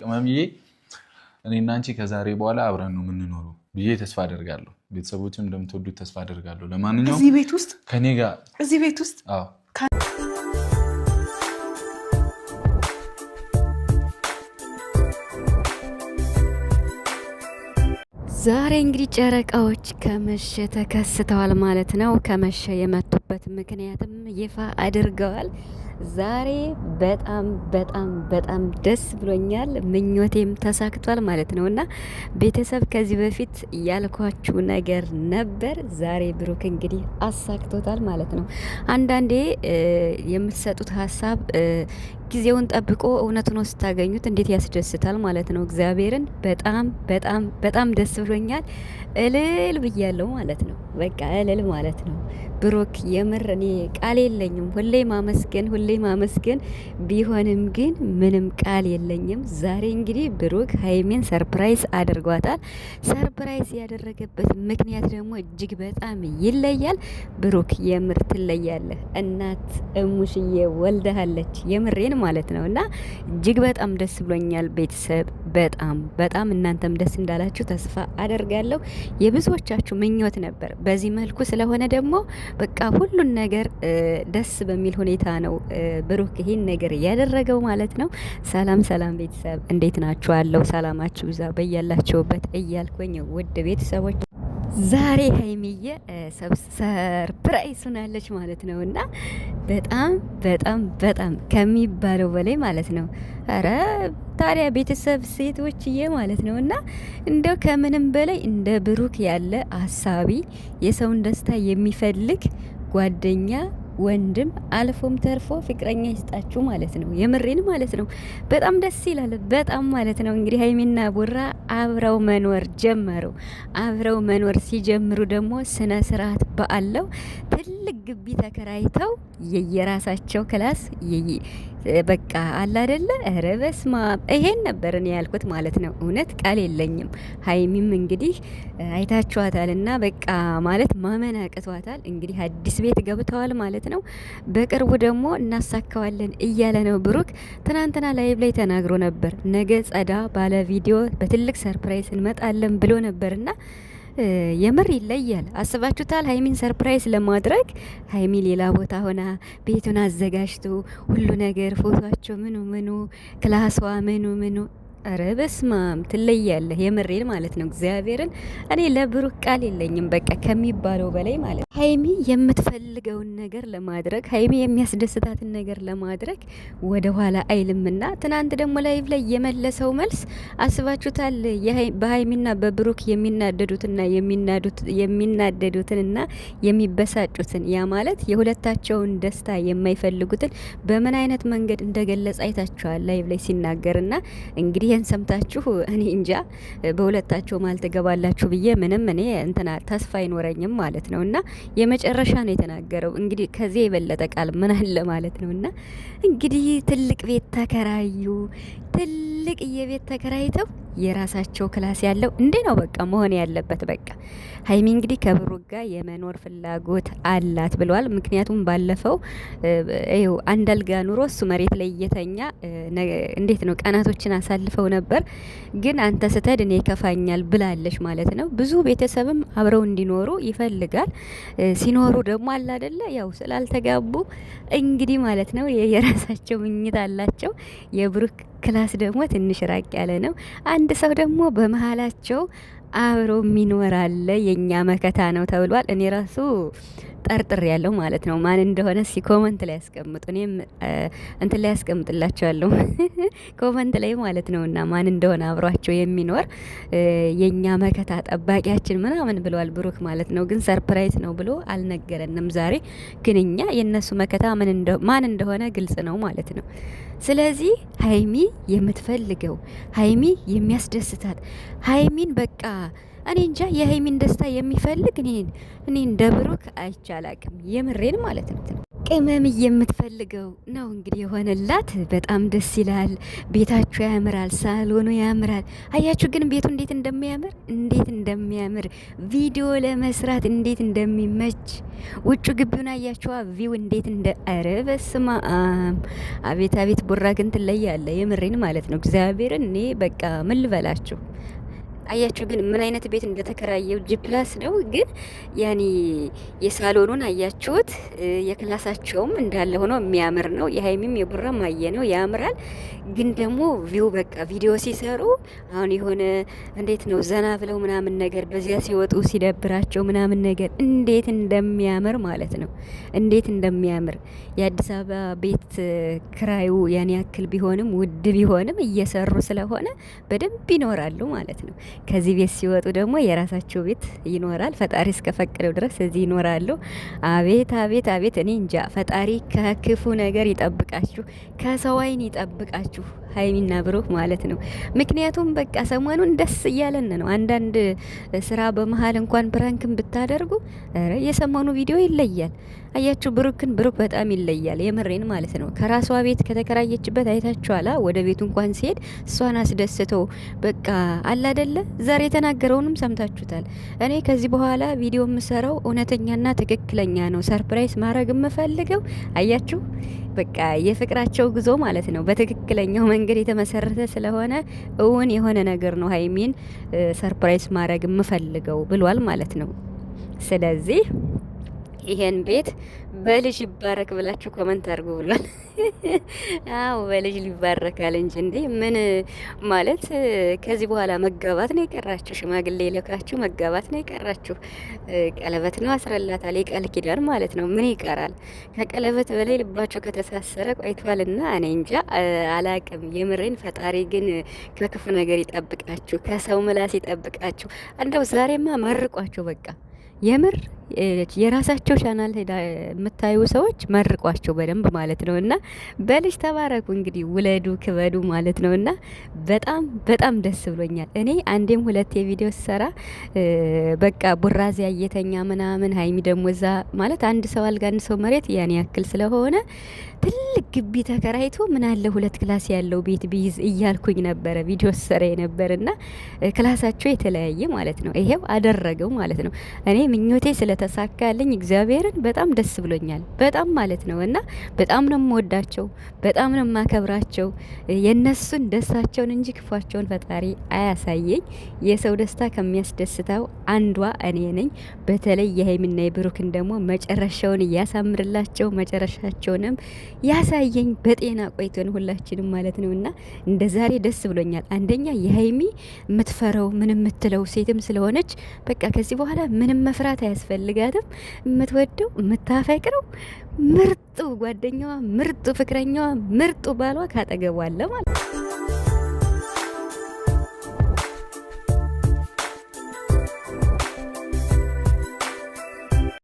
ቅመምዬ እኔ እና አንቺ ከዛሬ በኋላ አብረን ነው የምንኖረው ብዬ ተስፋ አደርጋለሁ። ቤተሰቦችም እንደምትወዱት ተስፋ አደርጋለሁ። ለማንኛውም እዚህ ቤት ውስጥ ከኔ ጋር እዚህ ቤት ውስጥ አዎ ዛሬ እንግዲህ ጨረቃዎች ከመሸ ተከስተዋል ማለት ነው። ከመሸ የመጡበት ምክንያትም ይፋ አድርገዋል። ዛሬ በጣም በጣም በጣም ደስ ብሎኛል። ምኞቴም ተሳክቷል ማለት ነው እና ቤተሰብ ከዚህ በፊት ያልኳችሁ ነገር ነበር። ዛሬ ብሩክ እንግዲህ አሳክቶታል ማለት ነው። አንዳንዴ የምትሰጡት ሀሳብ ጊዜውን ጠብቆ እውነት ሆኖ ስታገኙት እንዴት ያስደስታል ማለት ነው። እግዚአብሔርን በጣም በጣም በጣም ደስ ብሎኛል። እልል ብያለሁ ማለት ነው። በቃ እልል ማለት ነው። ብሩክ የምር እኔ ቃል የለኝም። ሁሌ ማመስገን ሁሌ ማመስገን ቢሆንም ግን ምንም ቃል የለኝም። ዛሬ እንግዲህ ብሩክ ሀይሜን ሰርፕራይዝ አድርጓታል። ሰርፕራይዝ ያደረገበት ምክንያት ደግሞ እጅግ በጣም ይለያል። ብሩክ የምር ትለያለህ። እናት እሙሽዬ ወልደሃለች። የምሬን ማለት ነው እና እጅግ በጣም ደስ ብሎኛል ቤተሰብ በጣም በጣም እናንተም ደስ እንዳላችሁ ተስፋ አደርጋለሁ። የብዙዎቻችሁ ምኞት ነበር። በዚህ መልኩ ስለሆነ ደግሞ በቃ ሁሉን ነገር ደስ በሚል ሁኔታ ነው ብሩክ ይህን ነገር ያደረገው ማለት ነው። ሰላም ሰላም ቤተሰብ እንዴት ናችኋለሁ? ሰላማችሁ ይብዛ በያላችሁበት እያልኩኝ ውድ ቤተሰቦች ዛሬ ሀይሚዬ ሰርፕራይዝ ሆናለች ማለት ነው። እና በጣም በጣም በጣም ከሚባለው በላይ ማለት ነው። ኧረ ታዲያ ቤተሰብ ሴቶችዬ ማለት ነው። እና እንደው ከምንም በላይ እንደ ብሩክ ያለ አሳቢ የሰውን ደስታ የሚፈልግ ጓደኛ ወንድም አልፎም ተርፎ ፍቅረኛ ይስጣችሁ ማለት ነው። የምሬን ማለት ነው። በጣም ደስ ይላል። በጣም ማለት ነው። እንግዲህ ሀይሚና ቡራ አብረው መኖር ጀመሩ። አብረው መኖር ሲጀምሩ ደግሞ ስነ ስርዓት ባለው ትልቅ ግቢ ተከራይተው የየራሳቸው ክላስ በቃ አለ አይደለ? ኧረ በስማ ይሄን ነበር እኔ ያልኩት ማለት ነው። እውነት ቃል የለኝም። ሀይሚም እንግዲህ አይታችኋታል እና በቃ ማለት ማመን አቅቷታል። እንግዲህ አዲስ ቤት ገብተዋል ማለት ነው። በቅርቡ ደግሞ እናሳካዋለን እያለ ነው ብሩክ። ትናንትና ላይቭ ላይ ተናግሮ ነበር። ነገ ጸዳ ባለ ቪዲዮ በትልቅ ሰርፕራይዝ እንመጣለን ብሎ ነበርና የምር ይለያል። አስባችሁታል? ሀይሚን ሰርፕራይዝ ለማድረግ ሀይሚ ሌላ ቦታ ሆና ቤቱን አዘጋጅቶ ሁሉ ነገር ፎቷቸው ምኑ ምኑ ክላሷ ምኑ ምኑ ኧረ በስማም ትለያለህ፣ የምሬን ማለት ነው። እግዚአብሔርን እኔ ለብሩክ ቃል የለኝም፣ በቃ ከሚባለው በላይ ማለት ነው። ሀይሚ የምትፈልገውን ነገር ለማድረግ ሀይሚ የሚያስደስታትን ነገር ለማድረግ ወደ ኋላ አይልምና፣ ትናንት ደግሞ ላይቭ ላይ የመለሰው መልስ አስባችሁታል? በሀይሚና በብሩክ የሚናደዱትና የሚናደዱትንና የሚበሳጩትን ያ ማለት የሁለታቸውን ደስታ የማይፈልጉትን በምን አይነት መንገድ እንደገለጸ አይታችኋል፣ ላይቭ ላይ ሲናገርና እንግዲህ ይሄን ሰምታችሁ እኔ እንጃ በሁለታቸው ማል ትገባላችሁ ብዬ ምንም እኔ እንትና ተስፋ አይኖረኝም ማለት ነው። እና የመጨረሻ ነው የተናገረው። እንግዲህ ከዚህ የበለጠ ቃል ምን አለ ማለት ነው። እና እንግዲህ ትልቅ ቤት ተከራዩ፣ ትልቅ የቤት ተከራይተው የራሳቸው ክላስ ያለው እንዴ ነው በቃ መሆን ያለበት። በቃ ሀይሚ እንግዲህ ከብሩክ ጋር የመኖር ፍላጎት አላት ብለዋል። ምክንያቱም ባለፈው ይኸው አንድ አልጋ ኑሮ እሱ መሬት ላይ እየተኛ እንዴት ነው ቀናቶችን አሳልፈው ነበር። ግን አንተ ስተድ እኔ ይከፋኛል ብላለች ማለት ነው። ብዙ ቤተሰብም አብረው እንዲኖሩ ይፈልጋል። ሲኖሩ ደግሞ አለ አይደለ ያው ስላልተጋቡ እንግዲህ ማለት ነው የራሳቸው ምኝት አላቸው የብሩክ ክላስ ደግሞ ትንሽ ራቅ ያለ ነው። አንድ ሰው ደግሞ በመሀላቸው አብሮ የሚኖራለ የእኛ መከታ ነው ተብሏል። እኔ ራሱ ጠርጥር ያለው ማለት ነው። ማን እንደሆነ ሲ ኮመንት ላይ ያስቀምጡ። እኔም እንትን ላይ ያስቀምጥላቸዋለሁ ኮመንት ላይ ማለት ነው። እና ማን እንደሆነ አብሯቸው የሚኖር የእኛ መከታ ጠባቂያችን ምናምን ብለዋል ብሩክ ማለት ነው። ግን ሰርፕራይዝ ነው ብሎ አልነገረንም ዛሬ። ግን እኛ የእነሱ መከታ ማን እንደሆነ ግልጽ ነው ማለት ነው። ስለዚህ ሀይሚ የምትፈልገው ሀይሚ የሚያስደስታት ሀይሚን በቃ እኔ እንጃ የሀይሚን ደስታ የሚፈልግ እኔ እንደ ብሩክ አይቻላቅም የምሬን ማለት ነው። ቅመም የምትፈልገው ነው እንግዲህ የሆነላት። በጣም ደስ ይላል። ቤታችሁ ያምራል፣ ሳሎኑ ያምራል። አያችሁ ግን ቤቱ እንዴት እንደሚያምር እንዴት እንደሚያምር ቪዲዮ ለመስራት እንዴት እንደሚመች ውጩ ግቢውን አያችኋ? ቪው እንዴት እንደ አረ በስመ አብ! አቤት አቤት! ቦራ ግን ትለያለ። የምሬን ማለት ነው። እግዚአብሔርን እኔ በቃ ምን ልበላችሁ አያችሁ ግን ምን አይነት ቤት እንደተከራየው ጂ ፕላስ ነው። ግን ያኔ የሳሎኑን አያችሁት፣ የክላሳቸውም እንዳለ ሆኖ የሚያምር ነው። የሀይሚም የቡራ ማየ ነው ያምራል። ግን ደግሞ ቪው በቃ ቪዲዮ ሲሰሩ አሁን የሆነ እንዴት ነው ዘና ብለው ምናምን ነገር በዚያ ሲወጡ ሲደብራቸው ምናምን ነገር እንዴት እንደሚያምር ማለት ነው እንዴት እንደሚያምር የአዲስ አበባ ቤት ክራዩ ያን ያክል ቢሆንም ውድ ቢሆንም እየሰሩ ስለሆነ በደንብ ይኖራሉ ማለት ነው። ከዚህ ቤት ሲወጡ ደግሞ የራሳቸው ቤት ይኖራል። ፈጣሪ እስከፈቀደው ድረስ እዚህ ይኖራሉ። አቤት አቤት አቤት! እኔ እንጃ። ፈጣሪ ከክፉ ነገር ይጠብቃችሁ፣ ከሰው አይን ይጠብቃችሁ። ሀይሚና ብሩክ ማለት ነው። ምክንያቱም በቃ ሰሞኑን ደስ እያለን ነው። አንዳንድ ስራ በመሀል እንኳን ፕራንክን ብታደርጉ የሰሞኑ ቪዲዮ ይለያል። አያችሁ ብሩክን፣ ብሩክ በጣም ይለያል። የምሬን ማለት ነው። ከራሷ ቤት ከተከራየችበት አይታችኋላ። ወደ ቤቱ እንኳን ሲሄድ እሷን አስደስቶ በቃ አላደለ። ዛሬ የተናገረውንም ሰምታችሁታል። እኔ ከዚህ በኋላ ቪዲዮ የምሰራው እውነተኛና ትክክለኛ ነው፣ ሰርፕራይዝ ማድረግ የምፈልገው አያችሁ በቃ የፍቅራቸው ጉዞ ማለት ነው በትክክለኛው መንገድ የተመሰረተ ስለሆነ እውን የሆነ ነገር ነው ሀይሚን ሰርፕራይዝ ማድረግ የምፈልገው ብሏል ማለት ነው። ስለዚህ ይሄን ቤት በልጅ ይባረክ ብላችሁ ኮመንት አድርጉ ብሏል። አዎ በልጅ ሊባረካል እንጂ እንዴ ምን ማለት ከዚህ በኋላ መጋባት ነው የቀራችሁ። ሽማግሌ ልካችሁ መጋባት ነው የቀራችሁ። ቀለበት ነው አስረላታል፣ የቃል ኪዳን ማለት ነው። ምን ይቀራል ከቀለበት በላይ ልባችሁ ከተሳሰረ ቆይቷልና፣ እኔ እንጃ አላቅም። የምሬን ፈጣሪ ግን ከክፉ ነገር ይጠብቃችሁ፣ ከሰው ምላስ ይጠብቃችሁ። እንደው ዛሬማ መርቋችሁ በቃ የምር የራሳቸው ቻናል የምታዩ ሰዎች መርቋቸው በደንብ ማለት ነው። እና በልጅ ተባረኩ እንግዲህ ውለዱ ክበዱ ማለት ነው። እና በጣም በጣም ደስ ብሎኛል። እኔ አንዴም ሁለት የቪዲዮ ስሰራ በቃ ቡራዚ ያየተኛ ምናምን ሀይሚ ደግሞ እዛ ማለት አንድ ሰው አልጋ አንድ ሰው መሬት ያን ያክል ስለሆነ ትልቅ ግቢ ተከራይቶ ምን አለ ሁለት ክላስ ያለው ቤት ቢይዝ እያልኩኝ ነበረ ቪዲዮ ስሰራ የነበር እና ክላሳቸው የተለያየ ማለት ነው። ይሄው አደረገው ማለት ነው። እኔ ምኞቴ ስለ ስለተሳካልኝ እግዚአብሔርን በጣም ደስ ብሎኛል። በጣም ማለት ነው እና በጣም ነው የምወዳቸው፣ በጣም ነው የማከብራቸው። የነሱን ደስታቸውን እንጂ ክፏቸውን ፈጣሪ አያሳየኝ። የሰው ደስታ ከሚያስደስተው አንዷ እኔ ነኝ። በተለይ የሀይሚና የብሩክን ደግሞ መጨረሻውን እያሳምርላቸው መጨረሻቸውንም ያሳየኝ በጤና ቆይቶን ሁላችንም ማለት ነው እና እንደ ዛሬ ደስ ብሎኛል። አንደኛ የሀይሚ የምትፈረው ምን የምትለው ሴትም ስለሆነች በቃ ከዚህ በኋላ ምንም መፍራት አያስፈልግም። አያስፈልጋትም። የምትወደው የምታፈቅረው ምርጡ ጓደኛዋ፣ ምርጡ ፍቅረኛዋ፣ ምርጡ ባሏ ካጠገቧለ አለ ማለት